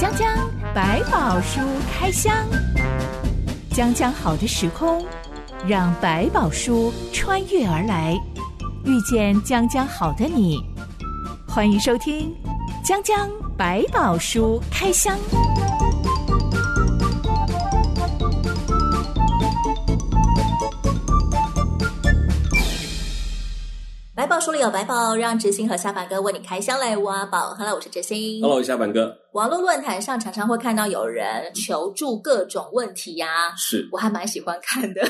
江江百寶書開箱，江江好的時空，讓百寶書穿越而來，遇見江江好的你，歡迎收聽江江百寶書開箱。百寶書裡有百寶，讓知星和下凡哥為你開箱來挖寶。哈嘍，我是知星。哈嘍，l l 下凡哥。網絡論壇上常常會看到有人求助各種問題呀、啊，是我還蠻喜歡看的，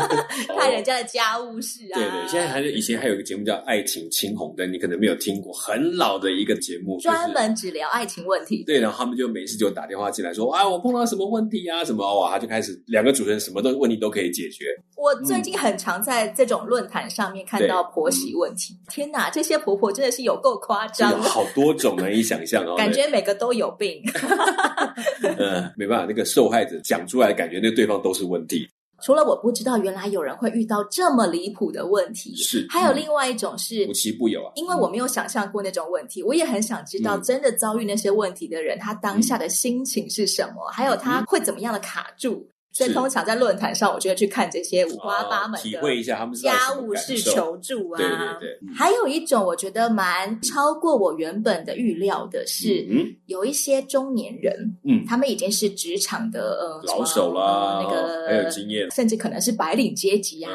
看人家的家務事啊。哦、對對，現在還是以前還有一個節目叫《愛情青紅燈》，你可能沒有聽過，很老的一個節目，就是、專門只聊愛情問題。對，然後他們就每次就打電話進來說啊、哎，我碰到什麼問題啊，什麼哇，他就開始兩個主持人什麼都問題都可以解決。我最近很常在這種論壇上面看到婆媳問題，嗯嗯、天哪，這些婆婆真的是有夠誇張，有好多種難以想象哦， 感覺每個都有。有病， 呃，沒辦法，那個受害者講出來，感覺那對方都是問題。除了我不知道，原來有人會遇到這麼離譜的問題，是還有另外一種是、嗯、無奇不有啊，因為我沒有想象過那種問題，我也很想知道真的遭遇那些問題的人，嗯、他當下的心情是什麼，嗯、還有他會怎麼樣的卡住。所以通常在論壇上，我就會去看這些五花八門、體會一下他們家務事求助啊。對對對。還有一種，我覺得蠻超過我原本的預料的是，有一些中年人，嗯，他們已經是職場的呃老手啦，呃、那個很有經驗，甚至可能是白領階級啊，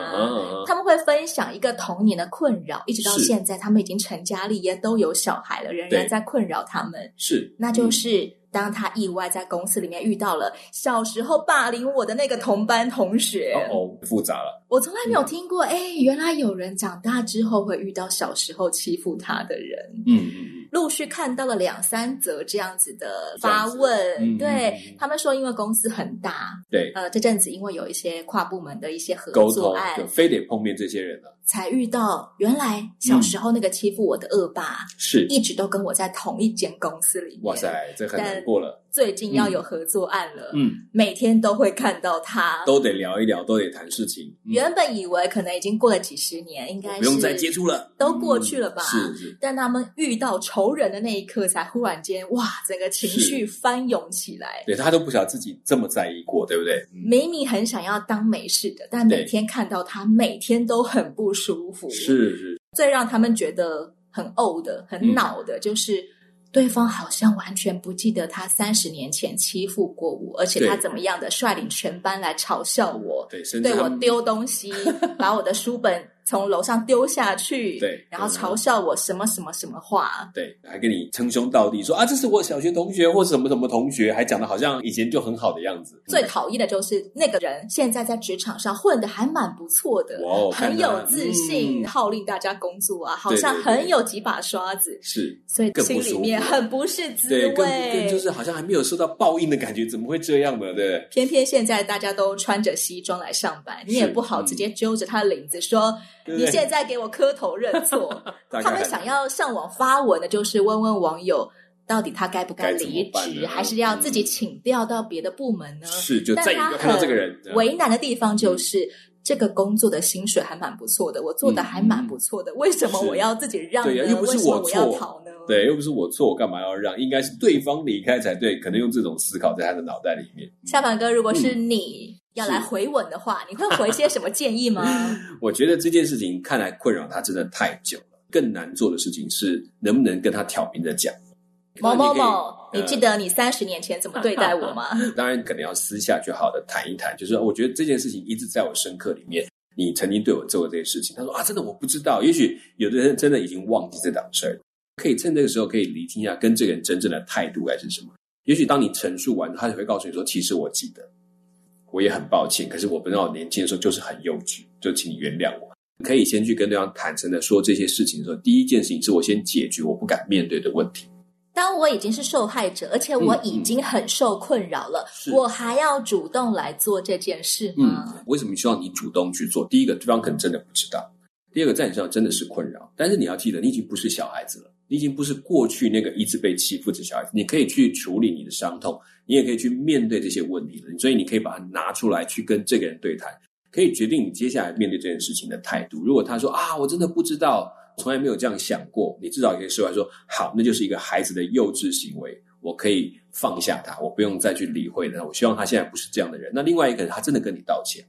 他們會分享一個童年的困擾，一直到現在，他們已經成家立業，都有小孩了，仍然在困擾他們，是，那就是。當他意外在公司裡面遇到了小時候霸凌我的那個同班同學，哦、uh oh, 複雜了。我從來沒有聽過，哎、嗯欸，原來有人長大之後會遇到小時候欺負他的人。嗯。陸續看到了兩三則這樣子的發問，嗯、對、嗯、他們說，因為公司很大，對，呃，這陣子因為有一些跨部門的一些合作就非得碰面這些人了，才遇到原來小時候那個欺負我的惡霸，是、嗯、一直都跟我在同一間公司裡面，哇塞，這很難過了。最近要有合作案了，嗯，每天都會看到他，都得聊一聊，都得談事情。嗯、原本以為可能已經過了幾十年，應該是不用再接觸了，都過去了吧？是，是。但他們遇到仇人的那一刻，才忽然間，哇，整個情緒翻湧起來。對，他都不曉得自己這麼在意過，對不對？嗯、明明很想要當沒事的，但每天看到他，對每天都很不舒服。是是，最讓他們覺得很 old, 很 old、嗯、很惱的，就是。對方好像完全不記得他三十年前欺負過我，而且他怎麼樣的率領全班來嘲笑我，對，對我丟東西， 把我的書本。從樓上丟下去，對，然後嘲笑我什麼什麼什麼話，對，還跟你稱兄道弟說啊，這是我小學同學或是什麼什麼同學，還講的好像以前就很好的樣子。嗯、最討厭的就是那個人，現在在職場上混的還蠻不錯的，哦、很有自信，嗯、號令大家工作啊，好像很有幾把刷子，是，所以心裡面很不是滋味。對，更，更就是好像還沒有受到報應的感覺，怎麼會這樣呢？對，偏偏現在大家都穿着西裝來上班，是你也不好直接揪着他的領子說。對對，你現在給我磕頭認錯？他們想要上網發文的，就是問問網友，到底他該不該離職，還是要自己請調到別的部門呢？是，就在一個，看到這個人為難的地方，就是、嗯、這個工作的薪水還蠻不錯的，我做的還蠻不錯的，嗯、為什麼我要自己讓呢、嗯是？對，又不是我錯，我要逃呢？對，又不是我錯，我、啊我錯啊、我錯幹嘛要讓？應該是對方離開才對，可能用這種思考在他的腦袋裡面。嗯、夏凡哥，如果是你。嗯要來回吻的話，是你會回一些什麼建議嗎？ 我覺得這件事情看來困擾他真的太久了。更難做的事情是，能不能跟他挑明的講？某某某，你，呃、你記得你三十年前怎麼對待我嗎？ 當然，可能要私下去好好的談一談。就是我覺得這件事情一直在我深刻裡面，你曾經對我做過這些事情。他說啊，真的我不知道。也許有的人真的已經忘記這檔事，可以趁這個時候可以釐清一下跟這個人真正的態度還是什麼。也許當你陳述完，他就會告訴你說：“其實我記得。”我也很抱歉，可是我不知道年輕的時候就是很幼稚，就請你原諒我。可以先去跟對方坦誠的說這些事情的時候，第一件事情是我先解決我不敢面對的問題。當我已經是受害者，而且我已經很受困擾了，嗯、是我還要主動來做這件事嗎？嗯，為什麼希望你主動去做？第一個，對方可能真的不知道；第二個，在你身上真的是困擾。但是你要記得，你已經不是小孩子了，你已經不是過去那個一直被欺負的小孩子，你可以去處理你的傷痛。你也可以去面對這些問題了，所以你可以把它拿出來去跟這個人對談，可以決定你接下來面對這件事情的態度。如果他說啊，我真的不知道，從來沒有這樣想過，你至少可以釋懷說，好，那就是一個孩子的幼稚行為，我可以放下他，我不用再去理會他。我希望他現在不是這樣的人。那另外一個人，他真的跟你道歉。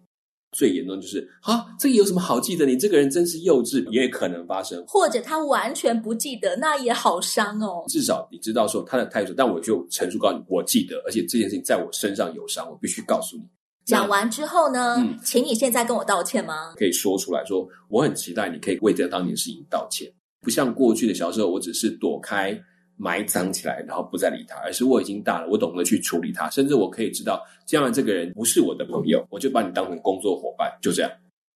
最嚴重就是啊，這個有什麼好記得？你這個人真是幼稚，也可能發生，或者他完全不記得，那也好傷哦。至少你知道說他的態度，但我就陳述告訴你，我記得，而且這件事情在我身上有傷，我必須告訴你。講完之後呢，嗯，請你現在跟我道歉嗎，可以說出來說，我很期待你可以為這當年事情道歉，不像過去的小時候，我只是躲開。埋藏起來，然後不再理他，而是我已經大了，我懂得去處理他，甚至我可以知道，將來這個人不是我的朋友，我就把你當成工作夥伴，就這樣。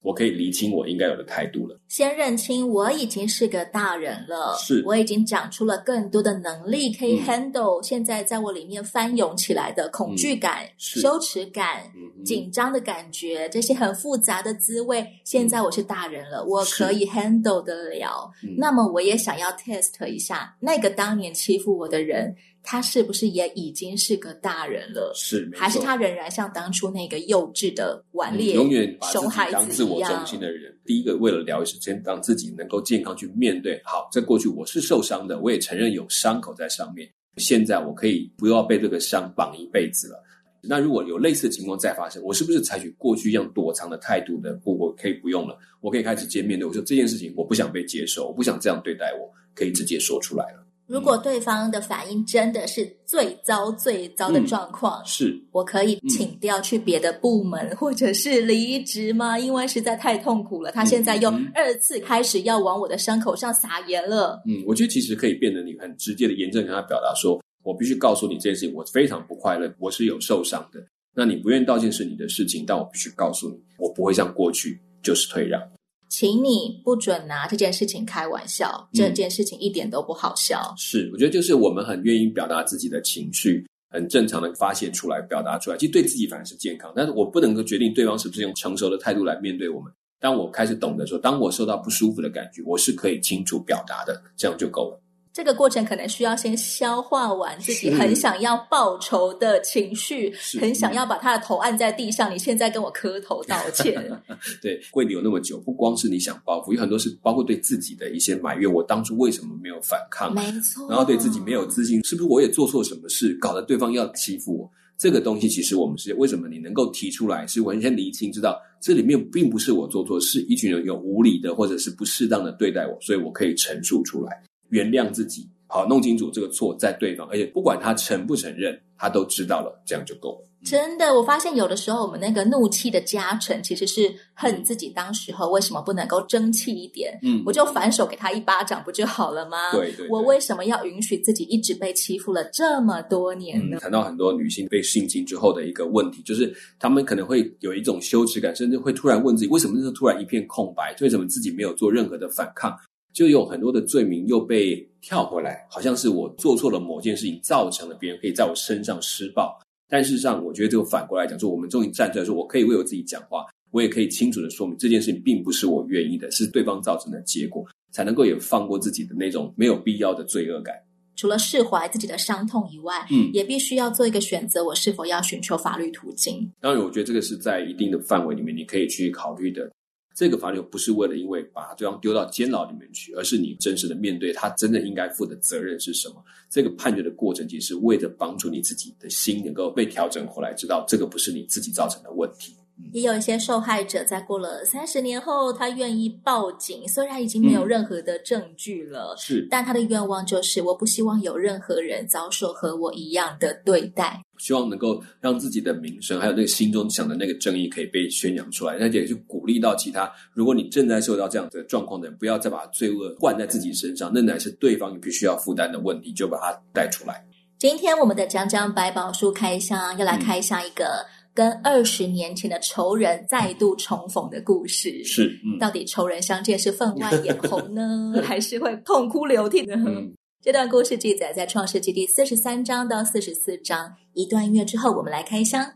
我可以理清我應該有的態度了。先認清我已經是個大人了，是我已經長出了更多的能力，可以 handle、嗯、現在在我裡面翻湧起來的恐懼感、嗯、羞恥感、嗯嗯、緊張的感覺，這些很複雜的滋味。現在我是大人了，嗯、我可以 handle 得了。嗯、那麼我也想要 test 一下那個當年欺負我的人。嗯他是不是也已經是個大人了？是，沒錯。還是他仍然像當初那個幼稚的頑劣、嗯、永遠把自己當自我中心的人。一第一個，為了療癒時間，讓自己能夠健康去面對。好，在過去我是受傷的，我也承認有傷口在上面。現在我可以不要被這個傷綁一輩子了。那如果有類似的情況再發生，我是不是採取過去一樣躲藏的態度呢？不，我可以不用了，我可以開始見面對。我說這件事情，我不想被接受，我不想這樣對待我，我可以直接說出來了。嗯如果對方的反應真的是最糟最糟的狀況，嗯、是我可以請調去別的部門，或者是離職嗎？因為實在太痛苦了。嗯、他現在又二次開始要往我的傷口上撒鹽了。嗯，我覺得其實可以變得你很直接的，嚴正跟他表達說：“我必須告訴你這件事情，我非常不快樂，我是有受傷的。那你不願意道歉是你的事情，但我必須告訴你，我不會像過去，就是退讓。”請你不准拿這件事情開玩笑，這件事情一點都不好笑。嗯，是，我覺得就是我們很願意表達自己的情緒，很正常的發洩出來，表達出來，其實對自己反而是健康。但是我不能夠決定對方是不是用成熟的態度來面對我們。當我開始懂得說，當我受到不舒服的感覺，我是可以清楚表達的，這樣就夠了。這個過程可能需要先消化完自己是很想要報仇的情緒，是很想要把他的頭按在地上。你現在跟我磕頭道歉， 對，跪你有那麼久，不光是你想報復，有很多是包括對自己的一些埋怨。我當初為什麼沒有反抗？沒錯，然後對自己沒有自信，是不是我也做錯什麼事，搞得對方要欺負我？這個東西其實我們是為什麼你能夠提出來，是完全理清，知道這裡面並不是我做錯，是一群人有無理的或者是不適當的對待我，所以我可以陳述出來。原諒自己。好弄清楚，這個錯在對方，而且不管他承不承認，他都知道了，這樣就夠了。嗯、真的，我發現有的時候我們那個怒氣的加成，其實是恨自己當時候為什麼不能夠爭氣一點，嗯，我就反手給他一巴掌不就好了嗎？對，對對，我為什麼要允許自己一直被欺負了這麼多年呢、嗯？談到很多女性被性侵之後的一個問題，就是她們可能會有一種羞恥感，甚至會突然問自己，為什麼那突然一片空白？為什麼自己沒有做任何的反抗？就有很多的罪名又被跳回來，好像是我做錯了某件事情，造成了別人可以在我身上施暴。但事實上，我覺得這個反過來講，說我們終於站出來說，我可以為我自己講話，我也可以清楚的說明這件事情並不是我願意的，是對方造成的結果，才能夠也放過自己的那種沒有必要的罪惡感。除了釋懷自己的傷痛以外，嗯，也必須要做一個選擇，我是否要尋求法律途徑？當然，我覺得這個是在一定的範圍裡面，你可以去考慮的。這個法律不是為了因為把對方丟到監牢裡面去，而是你真實的面對他真正應該負的責任是什麼，這個判決的過程，其實是為了幫助你自己的心能夠被調整回來，知道這個不是你自己造成的問題。嗯、也有一些受害者，在過了三十年後，他願意報警，雖然已經沒有任何的證據了，嗯、是，但他的願望就是：我不希望有任何人遭受和我一樣的對待。希望能夠讓自己的名聲，還有那個心中想的那個正義，可以被宣揚出來，那也就鼓勵到其他，如果你正在受到這樣的狀況的人，不要再把罪惡灌在自己身上，嗯、那乃是對方你必須要負擔的問題，就把它帶出來。今天我們的《講講百寶書》開箱，要來開箱一個。嗯跟二十年前的仇人再度重逢的故事，是、嗯、到底仇人相見是分外眼紅呢， 還是會痛哭流涕呢？嗯、這段故事記載在《創世紀》第四十三章到四十四章一段樂之後，我們來開箱。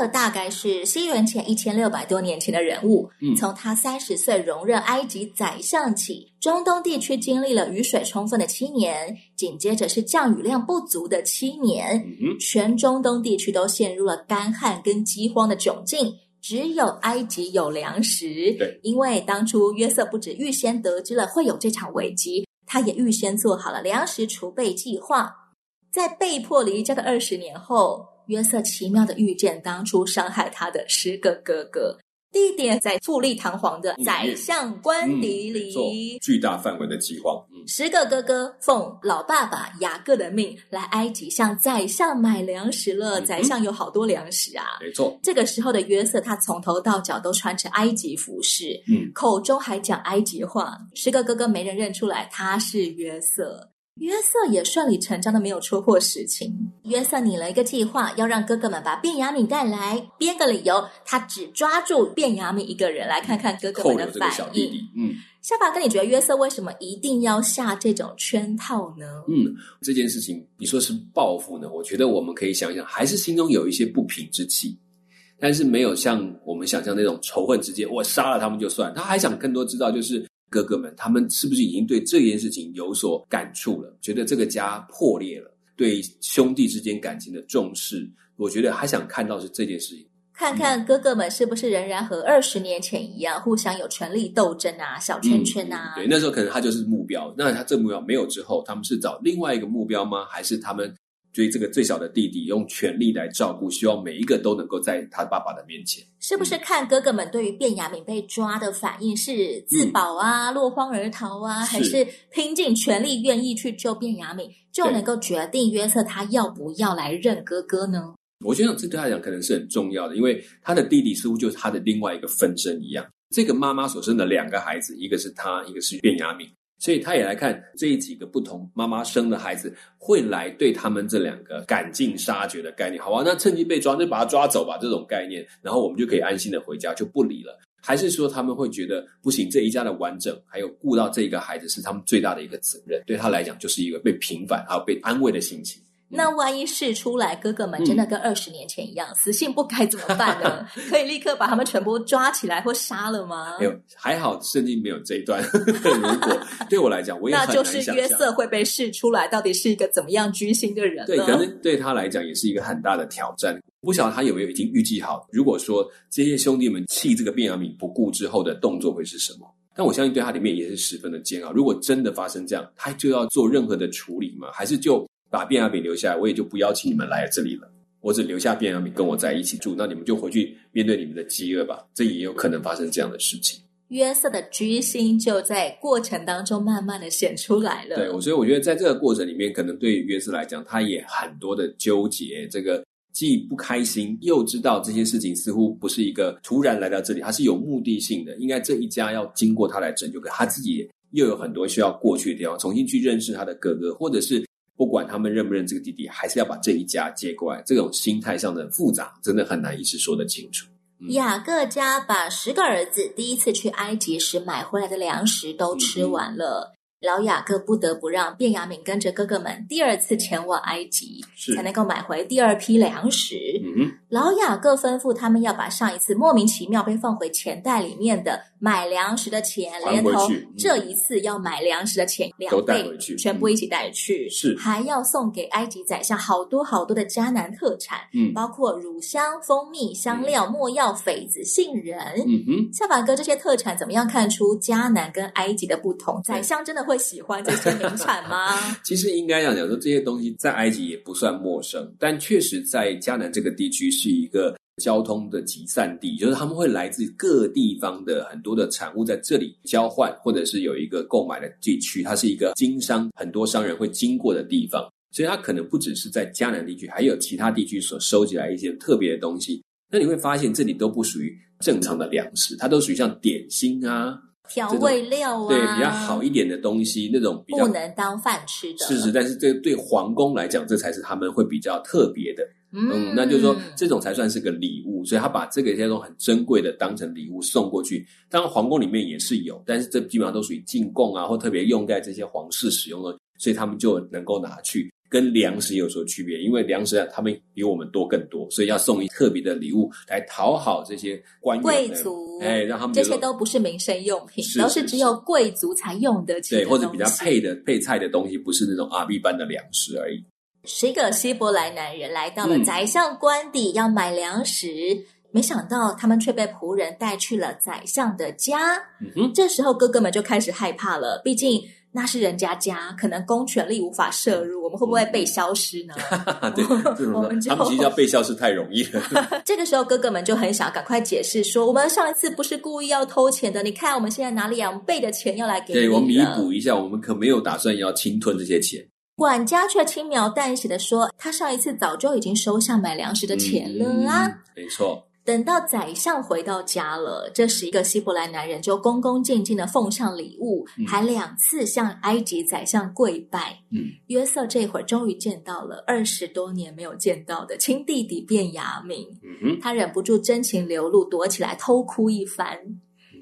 這大概是西元前一千六百多年前的人物。嗯，從他三十歲榮任埃及宰相起，中東地區經歷了雨水充分的七年，緊接着是降雨量不足的七年。嗯哼，全中東地區都陷入了乾旱跟饑荒的窘境，只有埃及有糧食。對，因為當初約瑟不止預先得知了會有這場危機，他也預先做好了糧食儲備計劃。在被迫離家的二十年後。約瑟奇妙的遇見當初傷害他的十個哥哥，地點在富麗堂皇的宰相官邸裡，嗯嗯。巨大範圍的饑荒，嗯、十個哥哥奉老爸爸雅各的命來埃及向宰相買糧食了。嗯、宰相有好多糧食啊，沒錯。這個時候的約瑟，他從頭到腳都穿着埃及服飾，嗯，口中還講埃及話。十個哥哥沒人認出來，他是約瑟。約瑟也順理成章的沒有戳破事情。嗯、約瑟擬了一個計劃，要讓哥哥們把便雅憫帶來，編個理由，他只抓住便雅憫一個人，來看看哥哥們的反應。小弟弟，嗯，夏爸哥，你覺得約瑟為什麼一定要下這種圈套呢？嗯，這件事情你說是報復呢？我覺得我們可以想一想，還是心中有一些不平之氣，但是沒有像我們想象那種仇恨之接，我殺了他們就算。他還想更多知道，就是。哥哥們，他們是不是已經對這件事情有所感觸了？覺得這個家破裂了，對兄弟之間感情的重視，我覺得還想看到是這件事情，看看哥哥們是不是仍然和二十年前一樣，互相有權力鬥爭啊，小圈圈啊、嗯。對，那時候可能他就是目標，那他這目標沒有之後，他們是找另外一個目標嗎？還是他們？所以，這個最小的弟弟用全力來照顧，希望每一個都能夠在他爸爸的面前。是不是看哥哥們對於便雅憫被抓的反應是自保啊、嗯、落荒而逃啊，是還是拼盡全力願意去救便雅憫，就能夠決定約瑟他要不要來認哥哥呢？我覺得這對他來講可能是很重要的，因為他的弟弟似乎就是他的另外一個分身一樣。這個媽媽所生的兩個孩子，一個是他，一個是便雅憫。所以他也來看這幾個不同媽媽生的孩子，會來對他們這兩個趕盡殺絕的概念，好吧？那趁機被抓，那就把他抓走吧，這種概念，然後我們就可以安心的回家，就不理了。還是說他們會覺得不行？這一家的完整，還有顧到這個孩子是他們最大的一個責任，對他來講就是一個被平反還有被安慰的心情。那萬一試出來，哥哥們真的跟二十年前一樣、嗯、死性不改怎麼辦呢？ 可以立刻把他們全部抓起來或殺了嗎？沒有、哎，還好聖經沒有這一段。如果 對我來講，我也很難想像 那就是約瑟會被試出來，到底是一個怎麼樣居心的人呢？對，可是對他來講也是一個很大的挑戰。不曉得他有沒有已經預計好，如果說這些兄弟們棄這個便雅憫不顧之後的動作會是什麼？但我相信對他裡面也是十分的煎熬。如果真的發生這樣，他就要做任何的處理嗎？還是就？把便雅憫留下來，我也就不邀請你們來這裡了。我只留下便雅憫跟我在一起住，那你們就回去面對你們的飢餓吧。這也有可能發生這樣的事情。約瑟的居心就在過程當中慢慢的顯出來了。對，所以我覺得在這個過程裡面，可能對於約瑟來講，他也很多的糾結。這個既不開心，又知道這件事情似乎不是一個突然來到這裡，他是有目的性的。應該這一家要經過他來拯救，給他自己也又有很多需要過去的地方，重新去認識他的哥哥，或者是。不管他們認不認這個弟弟，還是要把這一家接過來。這種心態上的複雜，真的很難一時說得清楚。嗯、雅各家把十個兒子第一次去埃及時買回來的糧食都吃完了，嗯、哼老雅各不得不讓便雅憫跟着哥哥們第二次前往埃及，是才能夠買回第二批糧食。嗯。老雅各吩咐他們要把上一次莫名其妙被放回錢袋裡面的買糧食的錢頭，連同、嗯、這一次要買糧食的錢兩倍，全部一起帶去。是、嗯，還要送給埃及宰相好多好多的迦南特產，嗯，包括乳香、蜂蜜、香料、沒、嗯、藥、榧子、杏仁。嗯哼，夏法哥，這些特產怎麼樣看出迦南跟埃及的不同？嗯、宰相真的會喜歡這些名產嗎？ 其實應該來講說這些東西在埃及也不算陌生，但確實在迦南這個地區。是一個交通的集散地，就是他們會來自各地方的很多的產物在這裡交換，或者是有一個購買的地區，它是一個經商，很多商人會經過的地方。所以它可能不只是在迦南地區，還有其他地區所收集來一些特別的東西。那你會發現這裡都不屬於正常的糧食，它都屬於像點心啊。調味料啊，對，比較好一點的東西，那種比較不能當飯吃的。是是，但是這對皇宮來講，這才是他們會比較特別的。嗯，嗯，那就是說，這種才算是個禮物，所以他把這個一些都很珍貴的當成禮物送過去。當然，皇宮裡面也是有，但是這基本上都屬於進貢啊，或特別用在這些皇室使用的，所以他們就能夠拿去。跟糧食有所區別，因為糧食、啊、他們比我們多更多，所以要送一特別的禮物來討好這些官員貴族，哎、欸，讓他們這些都不是民生用品，是是是，都是只有貴族才用得起的東西。對，或者比較配的配菜的東西，不是那種阿 B 般的糧食而已。十個希伯來男人來到了宰相官邸要買糧食，沒想到他們卻被僕人帶去了宰相的家。嗯哼，這時候哥哥們就開始害怕了，畢竟。那是人家家，可能公權力無法涉入，我們會不會被消失呢？嗯、 對，他們其實要被消失太容易了。 這個時候哥哥們就很想趕快解釋說，我們上一次不是故意要偷錢的，你看我們現在拿了兩倍的錢要來給你，對，我彌補一下，我們可沒有打算要侵吞這些錢。管家卻輕描淡寫的說，他上一次早就已經收下買糧食的錢了啊、嗯嗯，沒錯。等到宰相回到家了，這時一個希伯來男人就恭恭敬敬的奉上禮物，嗯、還兩次向埃及宰相跪拜。嗯，約瑟這會兒終於見到了二十多年沒有見到的親弟弟便雅明，嗯、哼他忍不住真情流露，躲起來偷哭一番。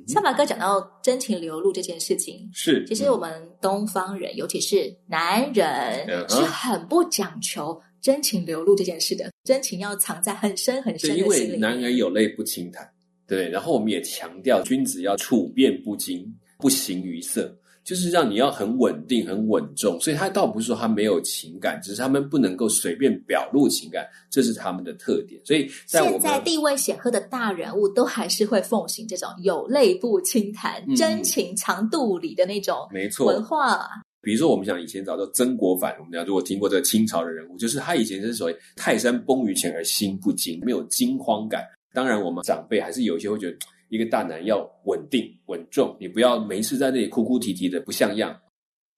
小、嗯、哼馬哥講到真情流露這件事情，是其實我們東方人，嗯、尤其是男人，嗯、是很不講求，真情流露這件事的真情要藏在很深很深，因為男兒有淚不輕彈，對。然後我們也強調，君子要處變不驚，不形於色,就是讓你要很穩定、很穩重。所以，他倒不是說他沒有情感，只是他們不能夠隨便表露情感，這是他們的特點。所以在我們，現在地位顯赫的大人物都還是會奉行這種有淚不輕彈、嗯、真情藏肚裡的那種，沒錯，文化。比如說，我們講以前找到曾國藩，我們講如果聽過這個清朝的人物，就是他以前是所謂泰山崩於前而心不驚，沒有驚慌感。當然，我們長輩還是有一些會覺得，一個大男要穩定、穩重，你不要沒事在那裡哭哭啼啼的，不像樣。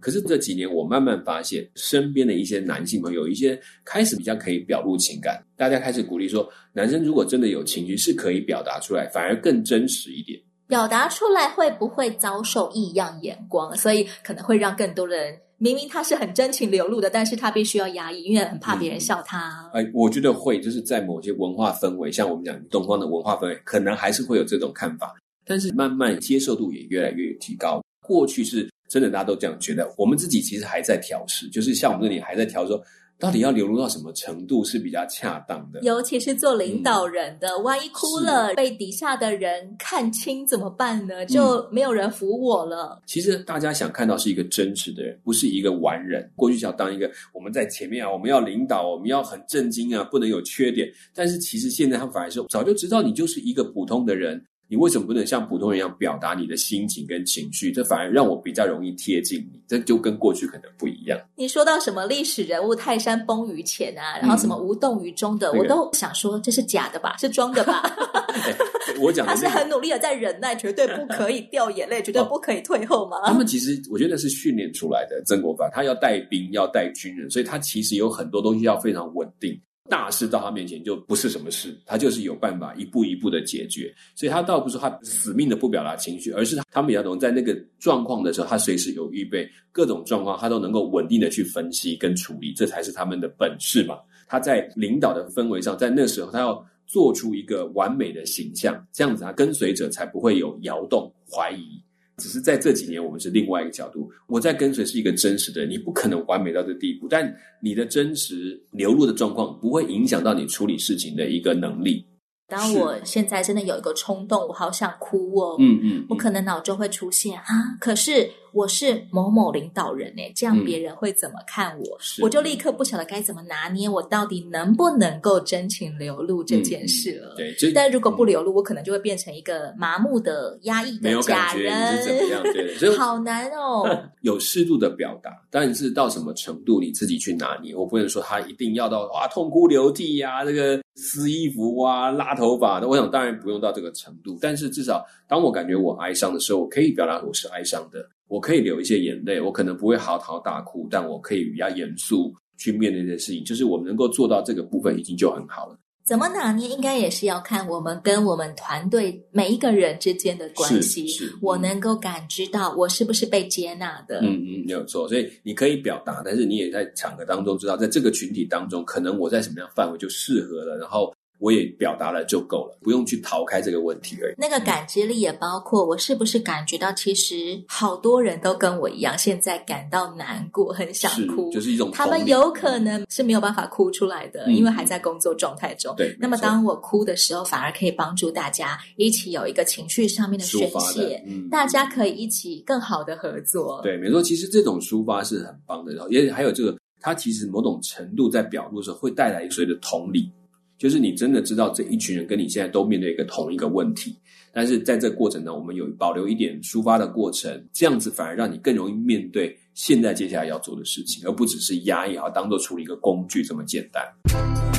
可是這幾年，我慢慢發現身邊的一些男性朋友，一些開始比較可以表露情感，大家開始鼓勵說，男生如果真的有情緒，是可以表達出來，反而更真實一點。表達出來會不會遭受異樣眼光？所以可能會讓更多人明明他是很真情流露的，但是他必須要壓抑，因為很怕別人笑他、嗯哎。我覺得會，就是在某些文化氛圍，像我們講東方的文化氛圍，可能還是會有這種看法。但是慢慢接受度也越來越提高。過去是真的，大家都這樣覺得。我們自己其實還在調試，就是像我們這裡還在調說。到底要流露到什麼程度是比較恰當的？尤其是做領導人的，嗯、萬一哭了的被底下的人看清怎麼辦呢？就沒有人服我了。嗯、其實大家想看到是一個真實的人，不是一個完人。過去想當一個我們在前面啊，我們要領導，我們要很正經啊，不能有缺點。但是其實現在他反而是早就知道你就是一個普通的人。你為什麼不能像普通人一樣表達你的心情跟情緒？這反而讓我比較容易貼近你，這就跟過去可能不一樣。你說到什麼歷史人物泰山崩於前啊，嗯、然後什麼無動於衷的，那個、我都想說這是假的吧，是裝的吧？ 欸、我講的、這個、他是很努力的在忍耐，絕對不可以掉眼淚，絕對不可以退後嘛、哦。他們其實我覺得是訓練出來的。曾國藩他要帶兵，要帶軍人，所以他其實有很多東西要非常穩定。大事到他面前就不是什麼事，他就是有辦法一步一步的解決。所以，他倒不是他死命的不表達情緒，而是他他們比較懂在那個狀況的時候，他隨時有預備各種狀況，他都能夠穩定的去分析跟處理，這才是他們的本事嘛。他在領導的氛圍上，在那時候他要做出一個完美的形象，這樣子他跟隨者才不會有搖動懷疑。只是在這幾年，我們是另外一個角度。我在跟隨是一個真實的，你不可能完美到這地步，但你的真實流露的狀況不會影響到你處理事情的一個能力。當我現在真的有一個衝動，我好想哭哦。嗯嗯，嗯嗯，我可能腦中會出現啊，可是我是某某領導人哎、欸，這樣別人會怎麼看我？嗯、我就立刻不曉得該怎麼拿捏我，我到底能不能夠真情流露這件事了。嗯、對，但如果不流露，嗯、我可能就會變成一個麻木的、壓抑的假人， 好難哦。嗯、有適度的表達，但是到什麼程度你自己去拿捏。我不能說他一定要到啊痛哭流涕呀、啊，這、那個。撕衣服啊，拉頭髮的，那我想當然不用到這個程度。但是至少，當我感覺我哀傷的時候，我可以表達我是哀傷的，我可以流一些眼淚，我可能不會嚎啕大哭，但我可以比較嚴肅去面對這件事情。就是我們能夠做到這個部分，已經就很好了。怎麼拿捏，你應該也是要看我們跟我們團隊每一個人之間的關係。嗯、我能夠感知到，我是不是被接納的？嗯嗯，沒、嗯、有錯。所以你可以表達，但是你也在場合當中知道，在這個群體當中，可能我在什麼樣範圍就適合了。然後。我也表達了就夠了，不用去逃開這個問題而已。那個感知力，也包括我是不是感覺到，其實好多人都跟我一樣，現在感到難過，很想哭，是就是一種。他們有可能是沒有辦法哭出來的，嗯、因為還在工作狀態中、嗯。對，那麼當我哭的時候，嗯、反而可以幫助大家一起有一個情緒上面的宣泄，嗯、大家可以一起更好的合作。對，沒錯，其實這種抒發是很棒的。然後也還有這個，它其實某種程度在表露的時候，會帶來所謂的同理。就是你真的知道這一群人跟你現在都面對一個同一個問題，但是在這過程中，我們有保留一點抒發的過程，這樣子反而讓你更容易面對現在接下來要做的事情，而不只是壓抑，啊，當做處理一個工具這麼簡單。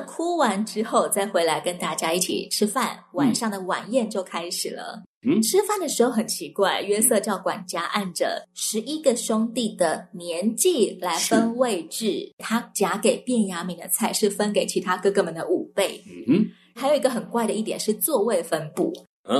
哭完之後，再回來跟大家一起吃飯。晚上的晚宴就開始了。嗯，吃飯的時候很奇怪，約瑟教管家按着十一個兄弟的年紀來分位置。是他夾給便雅憫的菜是分給其他哥哥們的五倍。嗯，還有一個很怪的一點是座位分布，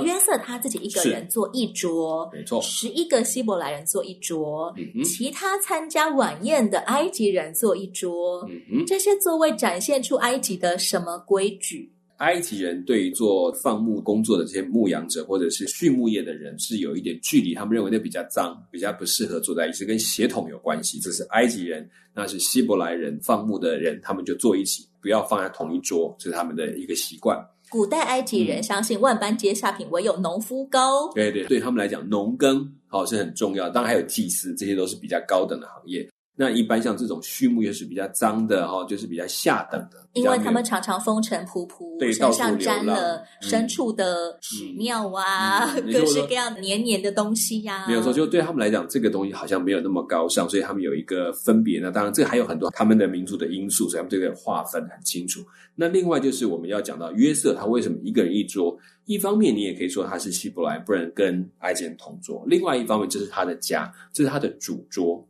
約瑟他自己一個人坐一桌，沒錯，十一個希伯來人坐一桌，嗯嗯，其他參加晚宴的埃及人坐一桌，嗯嗯，這些座位展現出埃及的什麼規矩？埃及人對於做放牧工作的這些牧羊者或者是畜牧業的人是有一點距離，他們認為那比較髒，比較不適合坐在一起，跟血統有關係。這是埃及人，那是希伯來人放牧的人，他們就坐一起，不要放在同一桌，這是他們的一個習慣。古代埃及人相信，萬般皆下品，唯有農夫高。嗯。對對，對，對，對，對他們來講，農耕好是很重要，當然還有祭司，這些都是比較高等的行業。那一般像這種畜牧業是比較髒的哈，就是比較下等的，因為他們常常風塵僕僕，對，身上沾了牲畜、嗯、的屎尿啊，各式各樣黏黏的東西呀、啊。沒有錯，就對他們來講，這個東西好像沒有那麼高尚，所以他們有一個分別。那當然，這還有很多他們的民族的因素，所以他們這個劃分很清楚。那另外就是我們要講到約瑟，他為什麼一個人一桌？一方面你也可以說他是希伯來，不能跟埃及人同桌；另外一方面，這是他的家，這、就是他的主桌。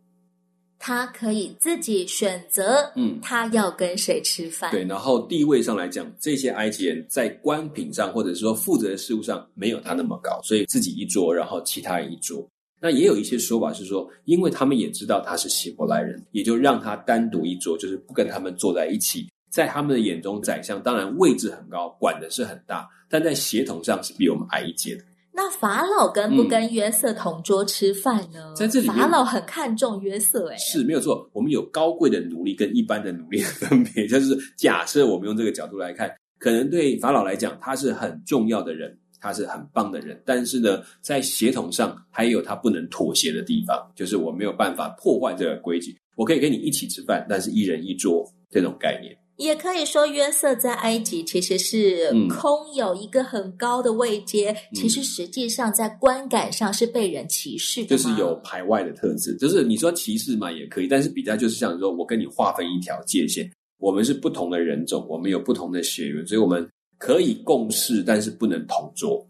他可以自己選擇，嗯，他要跟誰吃飯、嗯。對，然後地位上來講，這些埃及人在官品上，或者是說負責的事務上，沒有他那麼高，所以自己一桌，然後其他人一桌。那也有一些說法是說，因為他們也知道他是希伯來人，也就讓他單獨一桌，就是不跟他們坐在一起。在他們的眼中，宰相當然位置很高，管的是很大，但在協同上是比我們矮一截的。那法老跟不跟約瑟同桌吃飯呢？嗯、在這裡，法老很看重約瑟，欸，誒，是沒有錯。我們有高貴的奴隸跟一般的奴隸的分別，就是假設我們用這個角度來看，可能對法老來講，他是很重要的人，他是很棒的人。但是呢，在協同上，還有他不能妥協的地方，就是我沒有辦法破壞這個規矩。我可以跟你一起吃飯，但是一人一桌這種概念。也可以說，約瑟在埃及其實是空有一個很高的位階，嗯、其實實際上在觀感上是被人歧視的，就是有排外的特質。就是你說歧視嘛，也可以，但是比較就是像說，我跟你劃分一條界限，我們是不同的人種，我們有不同的血緣，所以我們可以共事，但是不能同桌。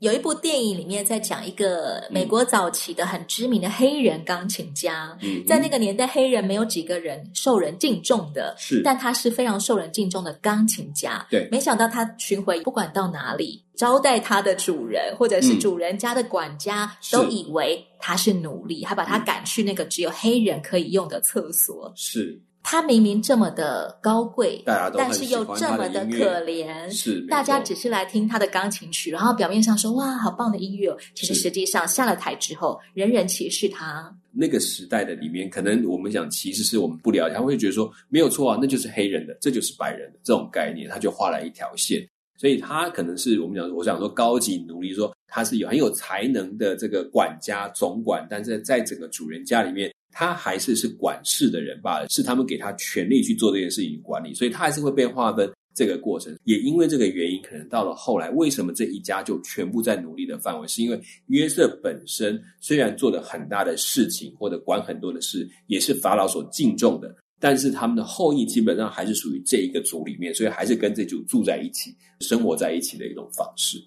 有一部電影裡面在講一個美國早期的很知名的黑人鋼琴家，嗯、在那個年代、嗯、黑人沒有幾個人受人敬重的，是，但他是非常受人敬重的鋼琴家。對，沒想到他巡迴不管到哪裡，招待他的主人或者是主人家的管家，嗯、都以為他是奴隸，還是把他趕去那個只有黑人可以用的廁所。嗯、是。他明明這麼的高貴，大家都，但是又這麼的可憐。是，大家只是來聽他的鋼琴曲，然後表面上說哇，好棒的音樂哦。其實實際上下了台之後，是人人歧視他。那個時代的裡面，可能我們講其實是我們不了解，他會覺得說沒有錯，啊，那就是黑人的，這就是白人的這種概念，他就畫了一條線。所以他可能是我們講，我想說高級奴隸，說他是有很有才能的這個管家總管，但是在整個主人家裡面。他還是是管事的人罷了，是他們給他權力去做這件事情管理，所以他還是會被劃分這個過程。也因為這個原因，可能到了後來，為什麼這一家就全部在奴隸的範圍，是因為約瑟本身雖然做了很大的事情或者管很多的事，也是法老所敬重的，但是他們的後裔基本上還是屬於這一個族裡面，所以還是跟這族住在一起，生活在一起的一種方式。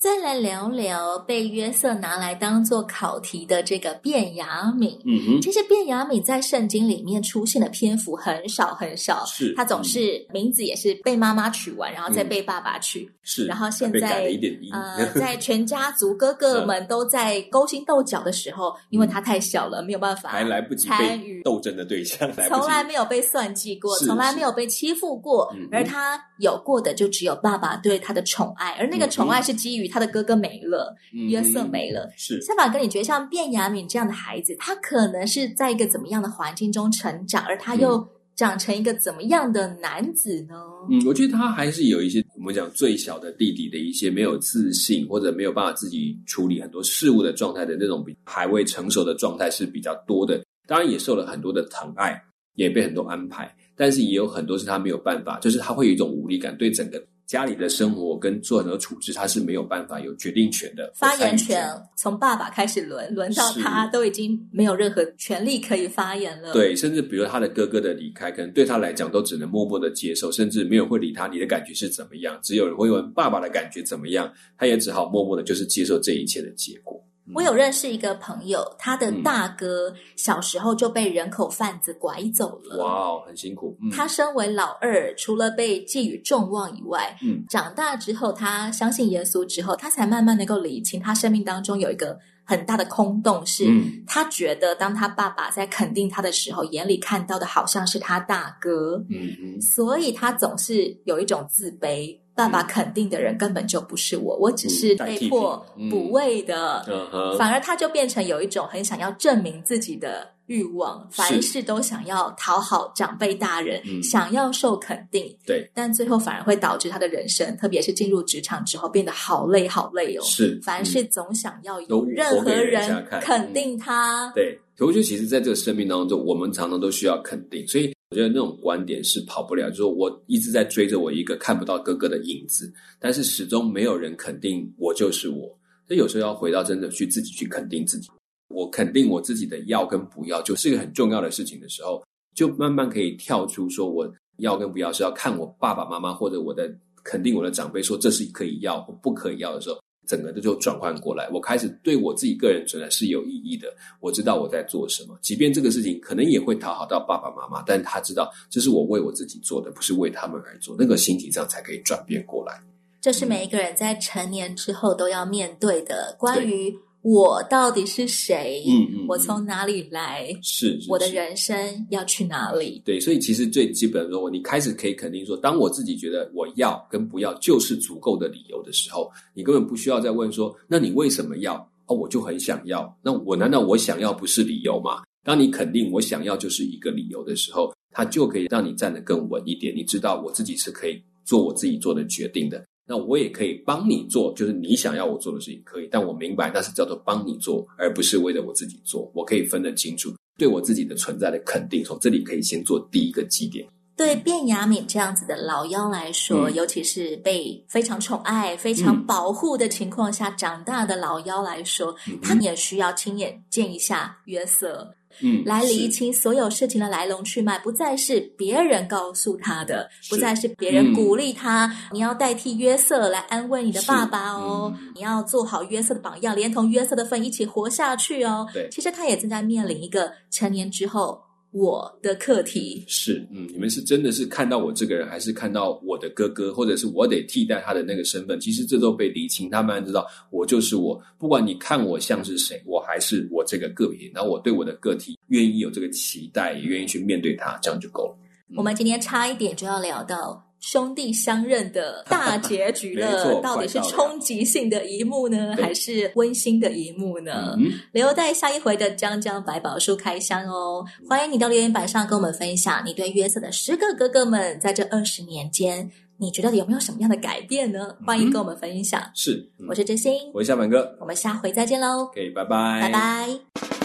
再來聊聊被約瑟拿來當做考題的這個便雅憫。嗯哼其實便雅憫在聖經裡面出現的篇幅很少很少。是，他總是、嗯、名字也是被媽媽取完，然後再被爸爸取。嗯、是，然後現在呃，在全家族哥哥們都在勾心鬥角的時候，嗯、因為他太小了，沒有辦法，還來不及參與鬥爭的對象，來從來沒有被算計過，從來沒有被欺負過。嗯、哼而他有過的，就只有爸爸對他的寵愛，而那個寵愛是基於。他的哥哥沒了，嗯嗯，約瑟沒了。是夏法哥，你覺得像卞雅敏這樣的孩子，他可能是在一個怎麼樣的環境中成長，而他又長成一個怎麼樣的男子呢？嗯，我覺得他還是有一些我們講最小的弟弟的一些沒有自信，或者沒有辦法自己處理很多事物的狀態的那種比還未成熟的狀態是比較多的。當然也受了很多的疼愛，也被很多安排，但是也有很多是他沒有辦法，就是他會有一種無力感對整個。家裡的生活跟做很多處置，他是沒有辦法有決定權的。發言權，從爸爸開始輪，輪到他，都已經沒有任何權利可以發言了。對，甚至比如他的哥哥的離開，可能對他來講都只能默默的接受，甚至沒有人會理他。你的感覺是怎麼樣？只有人會問爸爸的感覺怎麼樣，他也只好默默的，就是接受這一切的結果。我有認識一個朋友，他的大哥小時候就被人口販子拐走了。哇、哦，很辛苦。嗯、他身為老二，除了被寄予眾望以外，嗯、長大之後，他相信耶穌之後，他才慢慢能夠理清他生命當中有一個很大的空洞，是他覺得當他爸爸在肯定他的時候，眼裡看到的好像是他大哥，嗯嗯，所以他總是有一種自卑。爸爸肯定的人根本就不是我，我只是被迫補位的，嗯嗯、反而他就變成有一種很想要證明自己的欲望，是凡事都想要討好長輩大人，嗯、想要受肯定。嗯、對，但最後反而會導致他的人生，特別是進入職場之後，變得好累好累哦。是，嗯、凡事總想要有任何人肯定他。嗯、對，所以我覺得其實在這個生命當中，我們常常都需要肯定，所以，我覺得那種觀點是跑不了，就是我一直在追着我一個看不到哥哥的影子，但是始終沒有人肯定我就是我。所以有時候要回到真的去自己去肯定自己，我肯定我自己的要跟不要，就是一個很重要的事情的時候，就慢慢可以跳出說我要跟不要，是要看我爸爸媽媽或者我的肯定我的長輩說這是可以要或不可以要的時候。整個的就轉換過來，我開始對我自己個人存在是有意義的。我知道我在做什麼，即便這個事情可能也會討好到爸爸媽媽，但他知道這是我為我自己做的，不是為他們而做。那個心情上才可以轉變過來。這是每一個人在成年之後都要面對的關於。嗯我到底是誰？嗯嗯，嗯嗯我從哪裡來？是，是是我的人生要去哪裡？對，所以其實最基本的時候，你開始可以肯定說，當我自己覺得我要跟不要就是足夠的理由的時候，你根本不需要再問說，那你為什麼要？哦，我就很想要。那我難道我想要不是理由嗎？當你肯定我想要就是一個理由的時候，它就可以讓你站得更穩一點。你知道，我自己是可以做我自己做的決定的。那我也可以幫你做，就是你想要我做的事也可以，但我明白那是叫做幫你做，而不是為了我自己做。我可以分得清楚，對我自己的存在的肯定，從這裡可以先做第一個基點。對卞雅敏這樣子的老妖來說，嗯、尤其是被非常寵愛、非常保護的情況下長大的老妖來說，他們、嗯、也需要親眼見一下約瑟。嗯嗯，來理清所有事情的來龍去脈，是不再是別人告訴他的，是不再是別人鼓勵他。嗯、你要代替約瑟來安慰你的爸爸哦，嗯、你要做好約瑟的榜樣，連同約瑟的份一起活下去哦。對，其實他也正在面臨一個成年之後。我的課題是，嗯，你們是真的是看到我這個人，還是看到我的哥哥，或者是我得替代他的那個身份？其實這都被理清，他們知道我就是我，不管你看我像是誰，我還是我這個個別，那我對我的個體願意有這個期待，也願意去面對他，這樣就夠了。嗯，我們今天差一點就要聊到。兄弟相認的大結局了，錯到底是衝擊性的一幕呢， 錯還是溫馨的一幕呢？對留待下一回的《江江百寶書》開箱哦。歡迎你到留言板上跟我們分享，你對約瑟的十個哥哥們在這二十年間，你覺得有沒有什麼樣的改變呢？歡迎跟我們分享。是，我是真心，我是夏凡哥，我們下回再見嘍。拜拜，okay，拜拜。